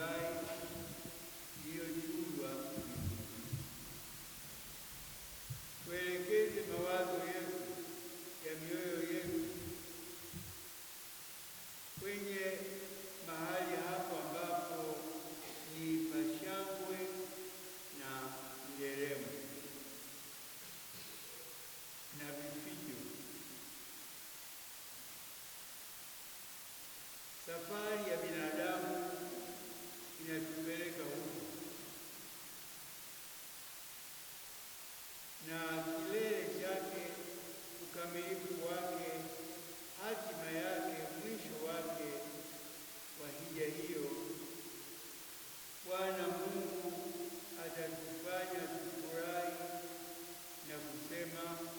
today. kilele chake, ukamilifu wake, hatima yake, mwisho wake wa hija hiyo, Bwana Mungu atatufanya tufurahi na kusema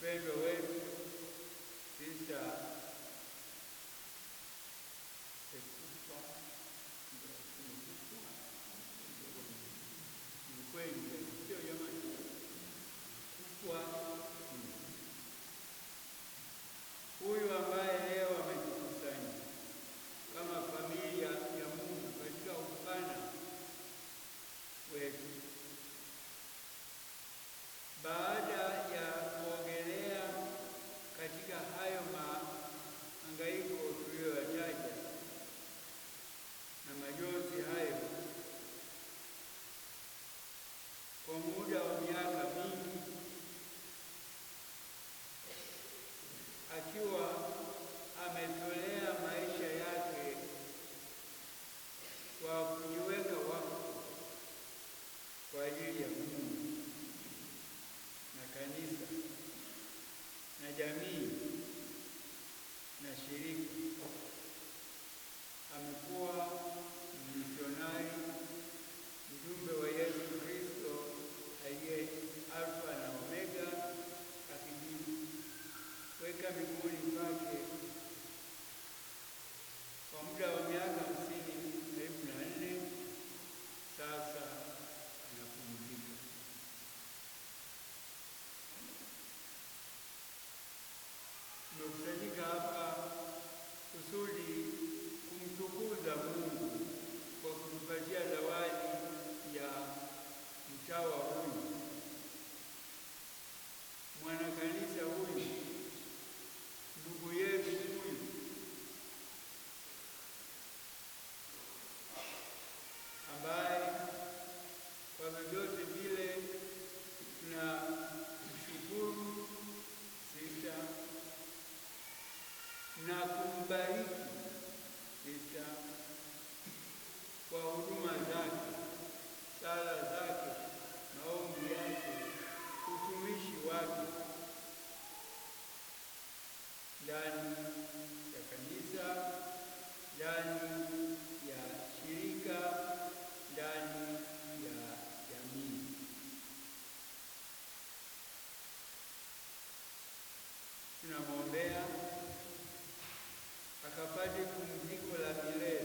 pave the way. This uh, in quegli tumekusanyika hapa kusudi kumtukuza Mungu kwa kutupatia zawadi ya mtawa huyu mwanakanisa tunamwombea akapate pumziko la milele.